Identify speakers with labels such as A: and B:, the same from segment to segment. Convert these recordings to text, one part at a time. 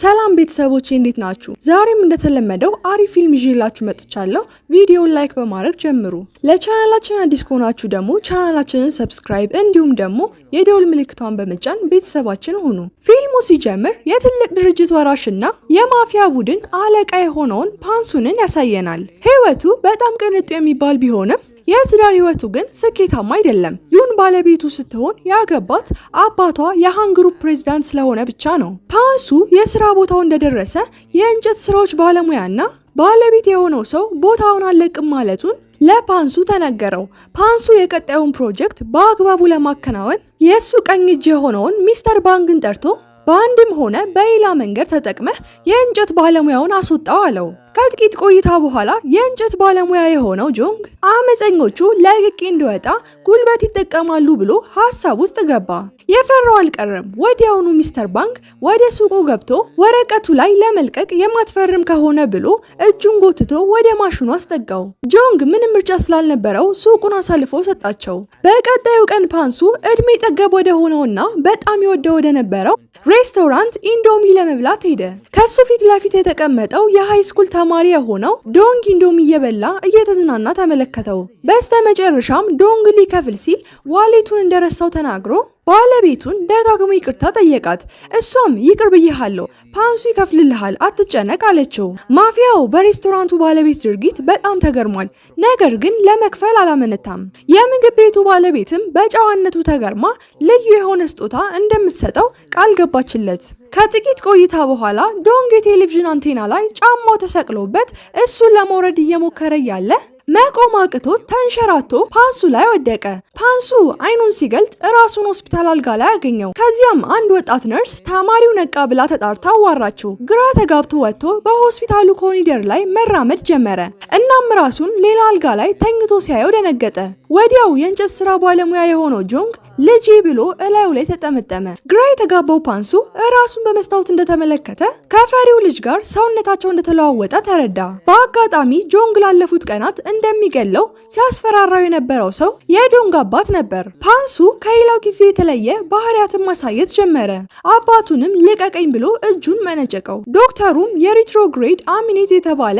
A: ሰላም ቤተሰቦቼ እንዴት ናችሁ? ዛሬም እንደተለመደው አሪፍ ፊልም ይዤላችሁ መጥቻለሁ። ቪዲዮውን ላይክ በማድረግ ጀምሩ። ለቻናላችን አዲስ ከሆናችሁ ደግሞ ቻናላችንን ሰብስክራይብ እንዲሁም ደግሞ የደውል ምልክቷን በመጫን ቤተሰባችን ሁኑ። ፊልሙ ሲጀምር የትልቅ ድርጅት ወራሽና የማፊያ ቡድን አለቃ የሆነውን ፓንሱንን ያሳየናል። ህይወቱ በጣም ቅንጡ የሚባል ቢሆንም የትዳር ህይወቱ ግን ስኬታማ አይደለም። ይሁን ባለቤቱ ስትሆን ያገባት አባቷ የሃንግሩ ፕሬዚዳንት ስለሆነ ብቻ ነው። ፓንሱ የስራ ቦታው እንደደረሰ የእንጨት ስራዎች ባለሙያና ባለቤት የሆነው ሰው ቦታውን አለቅም ማለቱን ለፓንሱ ተነገረው። ፓንሱ የቀጣዩን ፕሮጀክት በአግባቡ ለማከናወን የእሱ ቀኝ እጅ የሆነውን ሚስተር ባንግን ጠርቶ በአንድም ሆነ በሌላ መንገድ ተጠቅመህ የእንጨት ባለሙያውን አስወጣው አለው። ከጥቂት ቆይታ በኋላ የእንጨት ባለሙያ የሆነው ጆንግ አመፀኞቹ ለቅቄ እንዲወጣ ጉልበት ይጠቀማሉ ብሎ ሀሳብ ውስጥ ገባ። የፈራው አልቀረም። ወዲያውኑ ሚስተር ባንክ ወደ ሱቁ ገብቶ ወረቀቱ ላይ ለመልቀቅ የማትፈርም ከሆነ ብሎ እጁን ጎትቶ ወደ ማሽኑ አስጠጋው። ጆንግ ምንም ምርጫ ስላልነበረው ሱቁን አሳልፎ ሰጣቸው። በቀጣዩ ቀን ፓንሱ እድሜ ጠገብ ወደ ሆነውና በጣም ይወደው ወደ ነበረው ሬስቶራንት ኢንዶሚ ለመብላት ሄደ። ከሱ ፊት ለፊት የተቀመጠው የሃይስኩል ተመራማሪ የሆነው ዶንግ እንዶም እየበላ እየተዝናና ተመለከተው። በስተመጨረሻም ዶንግ ሊከፍል ሲል ዋሌቱን እንደረሳው ተናግሮ ባለቤቱን ደጋግሞ ይቅርታ ጠየቃት። እሷም ይቅር ብይሃለሁ፣ ፓንሱ ይከፍልልሃል፣ አትጨነቅ አለችው። ማፊያው በሬስቶራንቱ ባለቤት ድርጊት በጣም ተገርሟል። ነገር ግን ለመክፈል አላመነታም። የምግብ ቤቱ ባለቤትም በጨዋነቱ ተገርማ ልዩ የሆነ ስጦታ እንደምትሰጠው ቃል ገባችለት። ከጥቂት ቆይታ በኋላ ዶንግ የቴሌቪዥን አንቴና ላይ ጫማው ተሰቅሎበት እሱን ለመውረድ እየሞከረ ያለ መቆም አቅቶ ተንሸራቶ ፓንሱ ላይ ወደቀ። ፓንሱ አይኑን ሲገልጥ ራሱን ሆስፒታል አልጋ ላይ አገኘው። ከዚያም አንድ ወጣት ነርስ ተማሪው ነቃ ብላ ተጣርታ አዋራችው። ግራ ተጋብቶ ወጥቶ በሆስፒታሉ ኮሪደር ላይ መራመድ ጀመረ። እናም ራሱን ሌላ አልጋ ላይ ተኝቶ ሲያየው ደነገጠ። ወዲያው የእንጨት ስራ ባለሙያ የሆነው ጆንግ ልጅ ብሎ እላዩ ላይ ተጠመጠመ። ግራ የተጋባው ፓንሱ ራሱን በመስታወት እንደተመለከተ ከፈሪው ልጅ ጋር ሰውነታቸው እንደተለዋወጠ ተረዳ። በአጋጣሚ ጆንግ ላለፉት ቀናት እንደሚገለው ሲያስፈራራው የነበረው ሰው የዶንግ አባት ነበር። ፓንሱ ከሌላው ጊዜ የተለየ ባህሪያትን ማሳየት ጀመረ። አባቱንም ልቀቀኝ ብሎ እጁን መነጨቀው። ዶክተሩም የሪትሮግሬድ አሚኔዝ የተባለ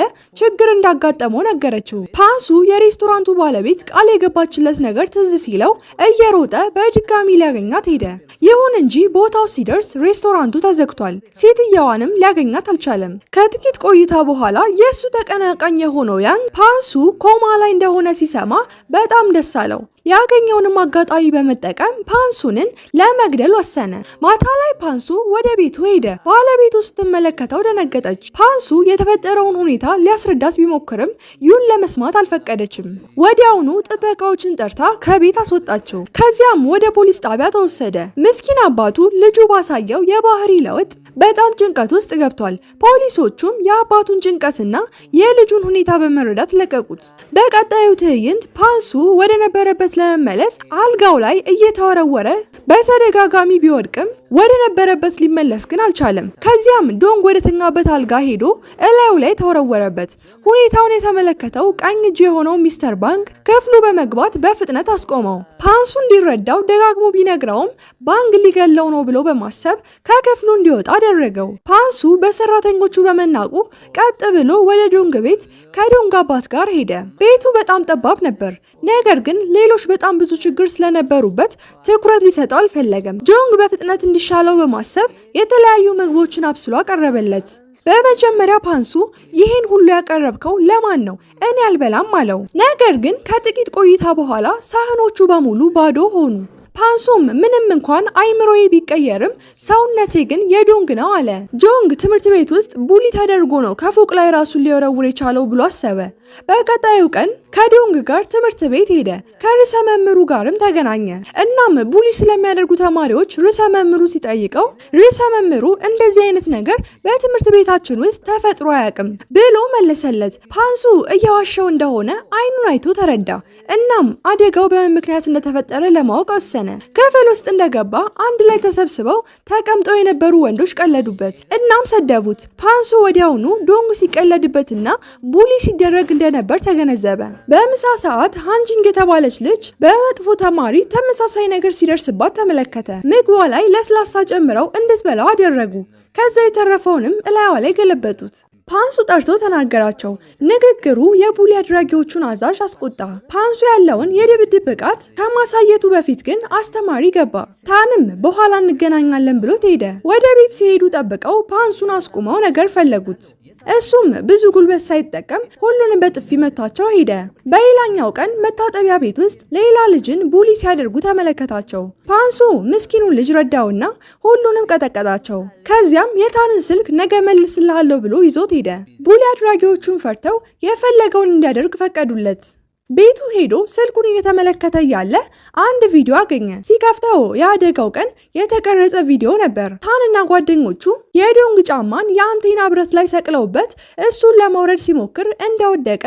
A: ችግር እንዳጋጠመው ነገረችው። ፓንሱ የሬስቶራንቱ ባለቤት ቃል የገባችለት ነገር ትዝ ሲለው እየሮጠ በድጋሚ ሊያገኛት ሄደ። ይሁን እንጂ ቦታው ሲደርስ ሬስቶራንቱ ተዘግቷል። ሴትየዋንም ሊያገኛት አልቻለም። ከጥቂት ቆይታ በኋላ የእሱ ተቀናቃኝ የሆነው ያን ፓንሱ ኮማ ላይ እንደሆነ ሲሰማ በጣም ደስ አለው። ያገኘውንም አጋጣሚ በመጠቀም ፓንሱንን ለመግደል ወሰነ። ማታ ላይ ፓንሱ ወደ ቤቱ ሄደ። ባለቤቱ ስትመለከተው ደነገጠች። ፓንሱ የተፈጠረውን ሁኔታ ሊያስረዳት ቢሞክርም ይሁን ለመስማት አልፈቀደችም። ወዲያውኑ ጥበቃዎችን ጠርታ ከቤት አስወጣቸው። ከዚያም ወደ ፖሊስ ጣቢያ ተወሰደ። ምስኪን አባቱ ልጁ ባሳየው የባህሪ ለውጥ በጣም ጭንቀት ውስጥ ገብቷል። ፖሊሶቹም የአባቱን ጭንቀትና የልጁን ሁኔታ በመረዳት ለቀቁት። በቀጣዩ ትዕይንት ፓንሱ ወደ ነበረበት ለመመለስ አልጋው ላይ እየተወረወረ በተደጋጋሚ ቢወድቅም ወደ ነበረበት ሊመለስ ግን አልቻለም። ከዚያም ዶንግ ወደ ተኛበት አልጋ ሄዶ እላዩ ላይ ተወረወረበት። ሁኔታውን የተመለከተው ቀኝ እጅ የሆነው ሚስተር ባንግ ክፍሉ በመግባት በፍጥነት አስቆመው። ፓንሱ እንዲረዳው ደጋግሞ ቢነግረውም ባንግ ሊገለው ነው ብሎ በማሰብ ከክፍሉ እንዲወጣ አደረገው። ፓንሱ በሰራተኞቹ በመናቁ ቀጥ ብሎ ወደ ዶንግ ቤት ከዶንግ አባት ጋር ሄደ። ቤቱ በጣም ጠባብ ነበር፣ ነገር ግን ሌሎች በጣም ብዙ ችግር ስለነበሩበት ትኩረት ሊሰጠው አልፈለገም። ዶንግ በፍጥነት እንዲሻለው በማሰብ የተለያዩ ምግቦችን አብስሎ አቀረበለት። በመጀመሪያ ፓንሱ ይህን ሁሉ ያቀረብከው ለማን ነው? እኔ አልበላም አለው። ነገር ግን ከጥቂት ቆይታ በኋላ ሳህኖቹ በሙሉ ባዶ ሆኑ። ፓንሱም ምንም እንኳን አይምሮዬ ቢቀየርም ሰውነቴ ግን የዶንግ ነው አለ። ጆንግ ትምህርት ቤት ውስጥ ቡሊ ተደርጎ ነው ከፎቅ ላይ ራሱን ሊወረውር የቻለው ብሎ አሰበ። በቀጣዩ ቀን ከዶንግ ጋር ትምህርት ቤት ሄደ። ከርዕሰ መምህሩ ጋርም ተገናኘ። እናም ቡሊ ስለሚያደርጉ ተማሪዎች ርዕሰ መምህሩ ሲጠይቀው ርዕሰ መምህሩ እንደዚህ አይነት ነገር በትምህርት ቤታችን ውስጥ ተፈጥሮ አያውቅም ብሎ መለሰለት። ፓንሱ እየዋሸው እንደሆነ አይኑን አይቶ ተረዳ። እናም አደጋው በምን ምክንያት እንደተፈጠረ ለማወቅ ወሰነ። ክፍል ውስጥ እንደገባ አንድ ላይ ተሰብስበው ተቀምጠው የነበሩ ወንዶች ቀለዱበት። እናም ሰደቡት። ፓንሱ ወዲያውኑ ዶንግ ሲቀለድበትና ቡሊ ሲደረግ እንደነበር ተገነዘበ። በምሳ ሰዓት ሃንጂንግ የተባለች ልጅ በመጥፎ ተማሪ ተመሳሳይ ነገር ሲደርስባት ተመለከተ። ምግቧ ላይ ለስላሳ ጨምረው እንድትበላው አደረጉ። ከዛ የተረፈውንም እላይዋ ላይ ገለበጡት። ፓንሱ ጠርቶ ተናገራቸው። ንግግሩ የቡሊ አድራጊዎቹን አዛዥ አስቆጣ። ፓንሱ ያለውን የድብድብ ብቃት ከማሳየቱ በፊት ግን አስተማሪ ገባ። ታንም በኋላ እንገናኛለን ብሎት ሄደ። ወደ ቤት ሲሄዱ ጠብቀው ፓንሱን አስቁመው ነገር ፈለጉት። እሱም ብዙ ጉልበት ሳይጠቀም ሁሉንም በጥፊ መቷቸው ሄደ። በሌላኛው ቀን መታጠቢያ ቤት ውስጥ ሌላ ልጅን ቡሊ ሲያደርጉ ተመለከታቸው። ፓንሱ ምስኪኑን ልጅ ረዳውና ሁሉንም ቀጠቀጣቸው። ከዚያም የታንን ስልክ ነገ መልስልሃለሁ ብሎ ይዞት ሄደ። ቡሊ አድራጊዎቹን ፈርተው የፈለገውን እንዲያደርግ ፈቀዱለት። ቤቱ ሄዶ ስልኩን እየተመለከተ እያለ አንድ ቪዲዮ አገኘ። ሲከፍተው የአደጋው ቀን የተቀረጸ ቪዲዮ ነበር። ታንና ጓደኞቹ የዶንግ ጫማን የአንቴና ብረት ላይ ሰቅለውበት እሱን ለመውረድ ሲሞክር እንደወደቀ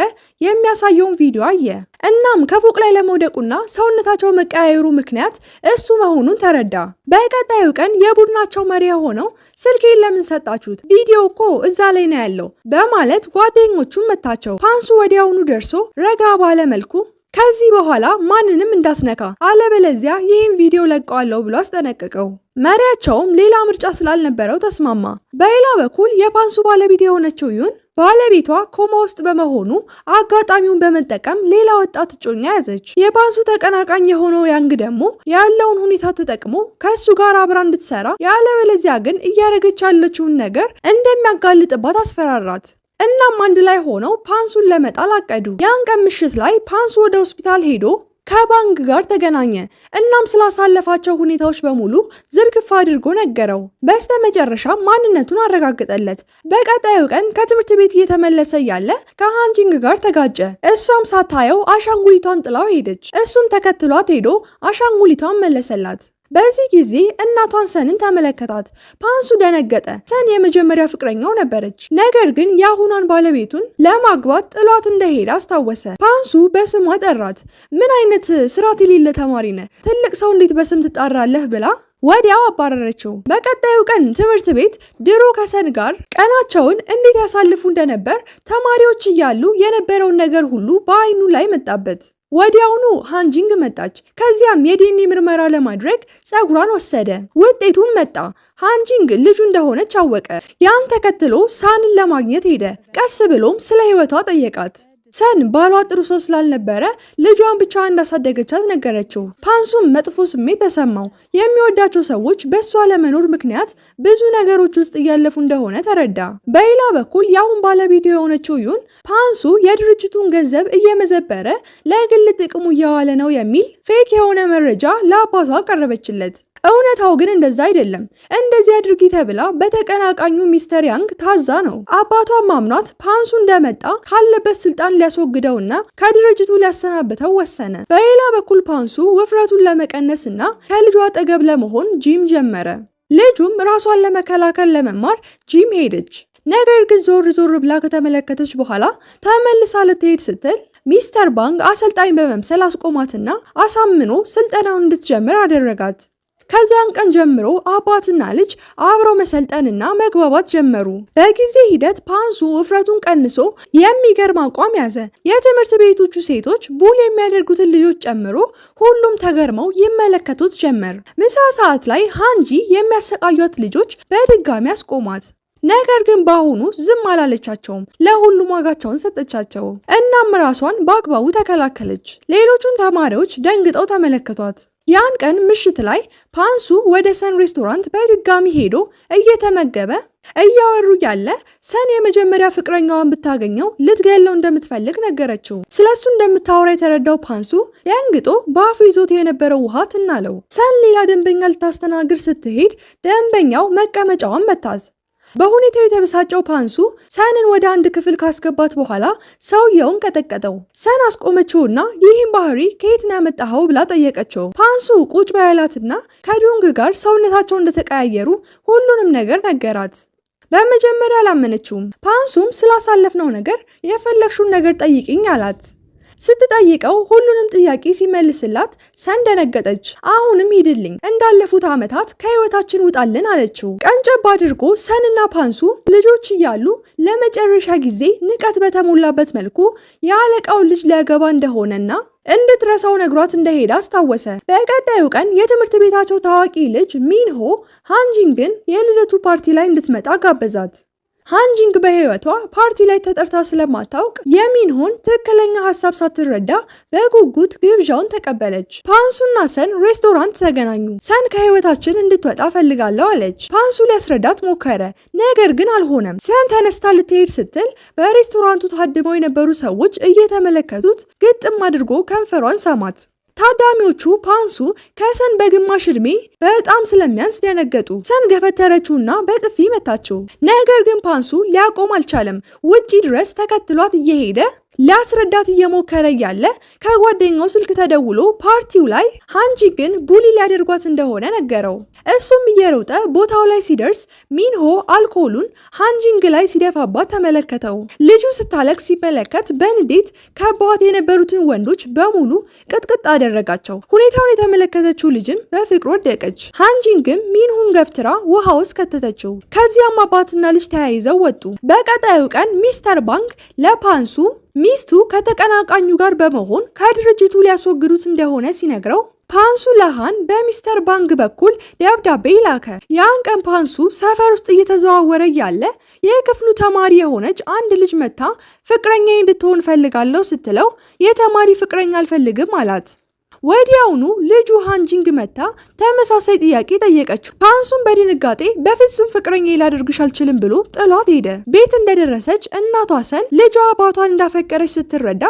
A: የሚያሳየውን ቪዲዮ አየ። እናም ከፎቅ ላይ ለመውደቁና ሰውነታቸው መቀያየሩ ምክንያት እሱ መሆኑን ተረዳ። በቀጣዩ ቀን የቡድናቸው መሪ የሆነው ስልኬን ለምን ሰጣችሁት? ቪዲዮ እኮ እዛ ላይ ነው ያለው በማለት ጓደኞቹን መታቸው። ፓንሱ ወዲያውኑ ደርሶ ረጋ ባለ መልኩ ከዚህ በኋላ ማንንም እንዳትነካ አለበለዚያ ይህን ቪዲዮ ለቀዋለሁ ብሎ አስጠነቀቀው። መሪያቸውም ሌላ ምርጫ ስላልነበረው ተስማማ። በሌላ በኩል የፓንሱ ባለቤት የሆነችው ይሁን ባለቤቷ ኮማ ውስጥ በመሆኑ አጋጣሚውን በመጠቀም ሌላ ወጣት እጮኛ ያዘች። የባንሱ ተቀናቃኝ የሆነው ያንግ ደግሞ ያለውን ሁኔታ ተጠቅሞ ከእሱ ጋር አብራ እንድትሰራ ያለበለዚያ ግን እያደረገች ያለችውን ነገር እንደሚያጋልጥባት አስፈራራት። እናም አንድ ላይ ሆነው ፓንሱን ለመጣል አቀዱ። ያን ቀን ምሽት ላይ ፓንሱ ወደ ሆስፒታል ሄዶ ከባንክ ጋር ተገናኘ። እናም ስላሳለፋቸው ሁኔታዎች በሙሉ ዝርግፍ አድርጎ ነገረው። በስተ መጨረሻ ማንነቱን አረጋግጠለት። በቀጣዩ ቀን ከትምህርት ቤት እየተመለሰ ያለ ከሃንጂንግ ጋር ተጋጨ። እሷም ሳታየው አሻንጉሊቷን ጥላው ሄደች። እሱም ተከትሏት ሄዶ አሻንጉሊቷን መለሰላት። በዚህ ጊዜ እናቷን ሰንን ተመለከታት። ፓንሱ ደነገጠ። ሰን የመጀመሪያ ፍቅረኛው ነበረች፣ ነገር ግን የአሁኗን ባለቤቱን ለማግባት ጥሏት እንደሄደ አስታወሰ። ፓንሱ በስሟ ጠራት። ምን አይነት ስርዓት የሌለ ተማሪ ነህ? ትልቅ ሰው እንዴት በስም ትጣራለህ? ብላ ወዲያው አባረረችው። በቀጣዩ ቀን ትምህርት ቤት ድሮ ከሰን ጋር ቀናቸውን እንዴት ያሳልፉ እንደነበር ተማሪዎች እያሉ የነበረውን ነገር ሁሉ በአይኑ ላይ መጣበት። ወዲያውኑ ሃንጂንግ መጣች። ከዚያም ሜዲኒ ምርመራ ለማድረግ ፀጉሯን ወሰደ። ውጤቱም መጣ። ሃንጂንግ ልጁ እንደሆነች አወቀ። ያን ተከትሎ ሳንን ለማግኘት ሄደ። ቀስ ብሎም ስለ ሕይወቷ ጠየቃት። ሰን ባሏ ጥሩ ሰው ስላልነበረ ልጇን ብቻ እንዳሳደገቻት ነገረችው። ፓንሱም መጥፎ ስሜት ተሰማው። የሚወዳቸው ሰዎች በእሷ ለመኖር ምክንያት ብዙ ነገሮች ውስጥ እያለፉ እንደሆነ ተረዳ። በሌላ በኩል የአሁን ባለቤቱ የሆነችው ዩን ፓንሱ የድርጅቱን ገንዘብ እየመዘበረ ለግል ጥቅሙ እያዋለ ነው የሚል ፌክ የሆነ መረጃ ለአባቷ ቀረበችለት። እውነታው ግን እንደዛ አይደለም። እንደዚህ አድርጊ ተብላ በተቀናቃኙ ሚስተር ያንግ ታዛ ነው። አባቷ ማምኗት ፓንሱ እንደመጣ ካለበት ስልጣን ሊያስወግደውና ከድርጅቱ ሊያሰናብተው ወሰነ። በሌላ በኩል ፓንሱ ውፍረቱን ለመቀነስና ከልጇ አጠገብ ለመሆን ጂም ጀመረ። ልጁም ራሷን ለመከላከል ለመማር ጂም ሄደች። ነገር ግን ዞር ዞር ብላ ከተመለከተች በኋላ ተመልሳ ልትሄድ ስትል ሚስተር ባንግ አሰልጣኝ በመምሰል አስቆማትና አሳምኖ ስልጠናውን እንድትጀምር አደረጋት። ከዚያን ቀን ጀምሮ አባትና ልጅ አብረው መሰልጠንና መግባባት ጀመሩ። በጊዜ ሂደት ፓንሱ ውፍረቱን ቀንሶ የሚገርም አቋም ያዘ። የትምህርት ቤቶቹ ሴቶች ቡል የሚያደርጉትን ልጆች ጨምሮ ሁሉም ተገርመው ይመለከቱት ጀመር። ምሳ ሰዓት ላይ ሃንጂ የሚያሰቃዩት ልጆች በድጋሚ አስቆሟት። ነገር ግን በአሁኑ ዝም አላለቻቸውም። ለሁሉም ዋጋቸውን ሰጠቻቸው። እናም ራሷን በአግባቡ ተከላከለች። ሌሎቹን ተማሪዎች ደንግጠው ተመለከቷት። ያን ቀን ምሽት ላይ ፓንሱ ወደ ሰን ሬስቶራንት በድጋሚ ሄዶ እየተመገበ እያወሩ ያለ ሰን የመጀመሪያ ፍቅረኛዋን ብታገኘው ልትገለው እንደምትፈልግ ነገረችው። ስለሱ እንደምታወራ የተረዳው ፓንሱ ደንግጦ በአፉ ይዞት የነበረው ውሃ ትናለው። ሰን ሌላ ደንበኛ ልታስተናግድ ስትሄድ ደንበኛው መቀመጫዋን መታት። በሁኔታው የተበሳጨው ፓንሱ ሰንን ወደ አንድ ክፍል ካስገባት በኋላ ሰውየውን ቀጠቀጠው። ሰን አስቆመችውና ይህን ባህሪ ከየት ነው ያመጣኸው ብላ ጠየቀችው። ፓንሱ ቁጭ ባያላትና ከዱንግ ጋር ሰውነታቸው እንደተቀያየሩ ሁሉንም ነገር ነገራት። በመጀመሪያ አላመነችውም። ፓንሱም ስላሳለፍነው ነገር የፈለግሽውን ነገር ጠይቅኝ አላት። ስትጠይቀው ሁሉንም ጥያቄ ሲመልስላት ሰን ደነገጠች። አሁንም ሂድልኝ እንዳለፉት ዓመታት ከህይወታችን ውጣልን አለችው። ቀንጨብ አድርጎ ሰንና ፓንሱ ልጆች እያሉ ለመጨረሻ ጊዜ ንቀት በተሞላበት መልኩ የአለቃውን ልጅ ሊያገባ እንደሆነና እንድትረሳው ነግሯት እንደሄደ አስታወሰ። በቀጣዩ ቀን የትምህርት ቤታቸው ታዋቂ ልጅ ሚንሆ ሃንጂንግን የልደቱ ፓርቲ ላይ እንድትመጣ ጋበዛት። ሃንጂንግ በህይወቷ ፓርቲ ላይ ተጠርታ ስለማታውቅ የሚንሆን ትክክለኛ ሀሳብ ሳትረዳ በጉጉት ግብዣውን ተቀበለች። ፓንሱና ሰን ሬስቶራንት ተገናኙ። ሰን ከህይወታችን እንድትወጣ ፈልጋለሁ አለች። ፓንሱ ሊያስረዳት ሞከረ፣ ነገር ግን አልሆነም። ሰን ተነስታ ልትሄድ ስትል በሬስቶራንቱ ታድመው የነበሩ ሰዎች እየተመለከቱት ግጥም አድርጎ ከንፈሯን ሳማት። ታዳሚዎቹ ፓንሱ ከሰን በግማሽ እድሜ በጣም ስለሚያንስ ደነገጡ። ሰን ገፈተረችውና በጥፊ መታችው። ነገር ግን ፓንሱ ሊያቆም አልቻለም። ውጪ ድረስ ተከትሏት እየሄደ ሊያስረዳት እየሞከረ ያለ ከጓደኛው ስልክ ተደውሎ ፓርቲው ላይ ሃንጂ ግን ቡሊ ሊያደርጓት እንደሆነ ነገረው። እሱም እየሮጠ ቦታው ላይ ሲደርስ ሚንሆ አልኮሉን ሃንጂንግ ላይ ሲደፋባት ተመለከተው። ልጁ ስታለቅ ሲመለከት በንዴት ከባት የነበሩትን ወንዶች በሙሉ ቅጥቅጥ አደረጋቸው። ሁኔታውን የተመለከተችው ልጅም በፍቅር ወደቀች። ሃንጂንግም ሚንሁን ገፍትራ ውሃ ውስጥ ከተተችው። ከዚያም አባትና ልጅ ተያይዘው ወጡ። በቀጣዩ ቀን ሚስተር ባንክ ለፓንሱ ሚስቱ ከተቀናቃኙ ጋር በመሆን ከድርጅቱ ሊያስወግዱት እንደሆነ ሲነግረው ፓንሱ ለሃን በሚስተር ባንግ በኩል ደብዳቤ ይላከ። ያን ቀን ፓንሱ ሰፈር ውስጥ እየተዘዋወረ ያለ የክፍሉ ተማሪ የሆነች አንድ ልጅ መታ ፍቅረኛ እንድትሆን ፈልጋለሁ ስትለው የተማሪ ፍቅረኛ አልፈልግም አላት። ወዲያውኑ ልጁ ሃንጂንግ መታ ተመሳሳይ ጥያቄ ጠየቀችው። ካንሱም በድንጋጤ በፍጹም ፍቅረኛ ላደርግሽ አልችልም ብሎ ጥሏት ሄደ። ቤት እንደደረሰች እናቷ ሰን ልጇ አባቷን እንዳፈቀረች ስትረዳ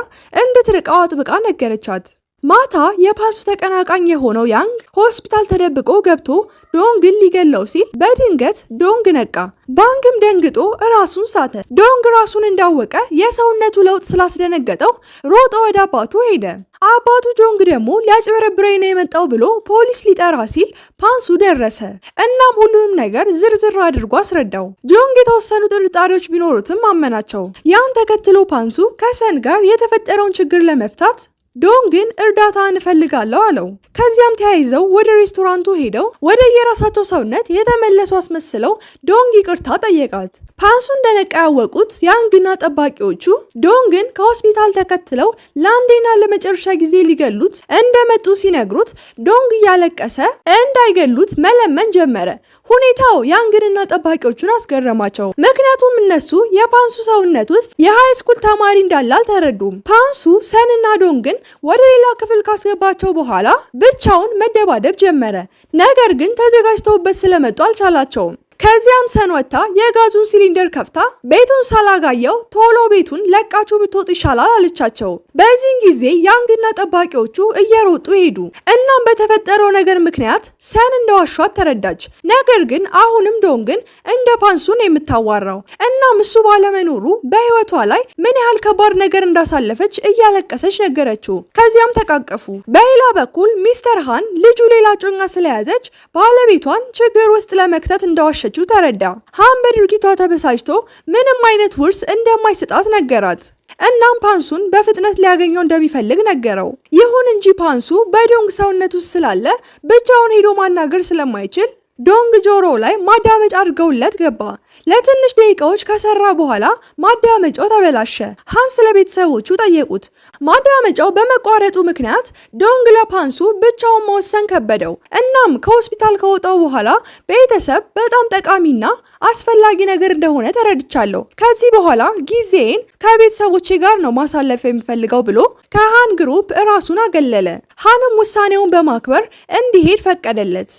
A: እንድትርቀው አጥብቃ ነገረቻት። ማታ የፓሱ ተቀናቃኝ የሆነው ያንግ ሆስፒታል ተደብቆ ገብቶ ዶንግን ሊገለው ሲል በድንገት ዶንግ ነቃ። ባንግም ደንግጦ ራሱን ሳተ። ዶንግ ራሱን እንዳወቀ የሰውነቱ ለውጥ ስላስደነገጠው ሮጦ ወደ አባቱ ሄደ። አባቱ ጆንግ ደግሞ ሊያጭበረብረኝ ነው የመጣው ብሎ ፖሊስ ሊጠራ ሲል ፓንሱ ደረሰ። እናም ሁሉንም ነገር ዝርዝር አድርጎ አስረዳው። ጆንግ የተወሰኑ ጥርጣሬዎች ቢኖሩትም አመናቸው። ያን ተከትሎ ፓንሱ ከሰን ጋር የተፈጠረውን ችግር ለመፍታት ዶን ግን እርዳታ እንፈልጋለሁ አለው። ከዚያም ተያይዘው ወደ ሬስቶራንቱ ሄደው ወደ የራሳቸው ሰውነት የተመለሱ አስመስለው ዶንግ ይቅርታ ጠየቃት። ፓንሱ እንደነቃ ያወቁት ያንግና ጠባቂዎቹ ዶንግን ከሆስፒታል ተከትለው ለአንዴና ለመጨረሻ ጊዜ ሊገሉት እንደመጡ ሲነግሩት ዶንግ እያለቀሰ እንዳይገሉት መለመን ጀመረ። ሁኔታው ያንግንና ጠባቂዎቹን አስገረማቸው። ምክንያቱም እነሱ የፓንሱ ሰውነት ውስጥ የሃይ ስኩል ተማሪ እንዳለ አልተረዱም። ፓንሱ ሰንና ዶንግን ወደ ሌላ ክፍል ካስገባቸው በኋላ ብቻውን መደባደብ ጀመረ። ነገር ግን ተዘጋጅተውበት ስለመጡ አልቻላቸውም። ከዚያም ሰን ወጥታ የጋዙን ሲሊንደር ከፍታ ቤቱን ሳላጋየው ቶሎ ቤቱን ለቃችሁ ብትወጥ ይሻላል አለቻቸው። በዚህን ጊዜ ያንግና ጠባቂዎቹ እየሮጡ ሄዱ። እናም በተፈጠረው ነገር ምክንያት ሰን እንደዋሿት ተረዳች። ነገር ግን አሁንም ዶንግን እንደ ፓንሱን የምታዋራው እናም እሱ ባለመኖሩ በህይወቷ ላይ ምን ያህል ከባድ ነገር እንዳሳለፈች እያለቀሰች ነገረችው። ከዚያም ተቃቀፉ። በሌላ በኩል ሚስተር ሃን ልጁ ሌላ ጮኛ ስለያዘች ባለቤቷን ችግር ውስጥ ለመክተት እንደዋሸ እንደሞተችው ተረዳ። ሀም በድርጊቷ ተበሳጭቶ ምንም አይነት ውርስ እንደማይሰጣት ነገራት። እናም ፓንሱን በፍጥነት ሊያገኘው እንደሚፈልግ ነገረው። ይሁን እንጂ ፓንሱ በዶንግ ሰውነት ውስጥ ስላለ ብቻውን ሄዶ ማናገር ስለማይችል ዶንግ ጆሮ ላይ ማዳመጫ አድርገውለት ገባ። ለትንሽ ደቂቃዎች ከሰራ በኋላ ማዳመጫው ተበላሸ። ሃንስ ለቤተሰቦቹ ጠየቁት። ማዳመጫው በመቋረጡ ምክንያት ዶንግ ለፓንሱ ብቻውን መወሰን ከበደው። እናም ከሆስፒታል ከወጣው በኋላ ቤተሰብ በጣም ጠቃሚና አስፈላጊ ነገር እንደሆነ ተረድቻለሁ። ከዚህ በኋላ ጊዜን ከቤተሰቦቼ ጋር ነው ማሳለፍ የሚፈልገው ብሎ ከሃን ግሩፕ እራሱን አገለለ። ሃንም ውሳኔውን በማክበር እንዲሄድ ፈቀደለት።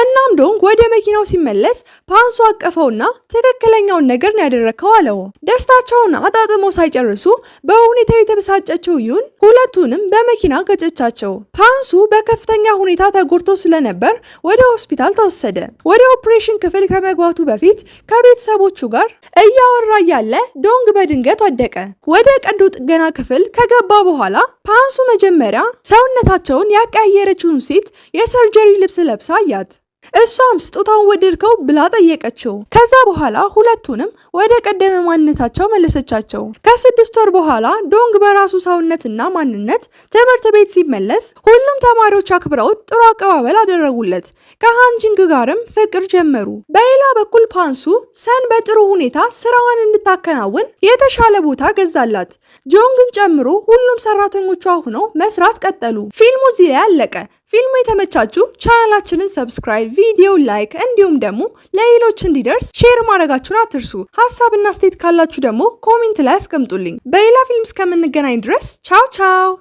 A: እናም ዶንግ ወደ መኪናው ሲመለስ ፓንሱ አቀፈውና ትክክለኛውን ነገር ነው ያደረግከው አለው። ደስታቸውን አጣጥሞ ሳይጨርሱ በሁኔታው የተበሳጨችው ይሁን ሁለቱንም በመኪና ገጨቻቸው። ፓንሱ በከፍተኛ ሁኔታ ተጎድቶ ስለነበር ወደ ሆስፒታል ተወሰደ። ወደ ኦፕሬሽን ክፍል ከመግባቱ በፊት ከቤተሰቦቹ ጋር እያወራ ያለ ዶንግ በድንገት ወደቀ። ወደ ቀዶ ጥገና ክፍል ከገባ በኋላ ፓንሱ መጀመሪያ ሰውነታቸውን ያቀያየረችውን ሴት የሰርጀሪ ልብስ ለብሳ አያት። እሷም ስጦታውን ወደድከው ብላ ጠየቀችው። ከዛ በኋላ ሁለቱንም ወደ ቀደመ ማንነታቸው መለሰቻቸው። ከስድስት ወር በኋላ ዶንግ በራሱ ሰውነትና ማንነት ትምህርት ቤት ሲመለስ ሁሉም ተማሪዎች አክብረውት ጥሩ አቀባበል አደረጉለት። ከሃንጂንግ ጋርም ፍቅር ጀመሩ። በሌላ በኩል ፓንሱ ሰን በጥሩ ሁኔታ ስራዋን እንድታከናውን የተሻለ ቦታ ገዛላት። ጆንግን ጨምሮ ሁሉም ሰራተኞቿ ሆነው መስራት ቀጠሉ። ፊልሙ እዚህ ላይ አለቀ። ፊልሙ የተመቻችሁ ቻናላችንን ሰብስክራይብ፣ ቪዲዮ ላይክ እንዲሁም ደግሞ ለሌሎች እንዲደርስ ሼር ማድረጋችሁን አትርሱ። ሀሳብና ስቴት ካላችሁ ደግሞ ኮሜንት ላይ አስቀምጡልኝ። በሌላ ፊልም እስከምንገናኝ ድረስ ቻው ቻው።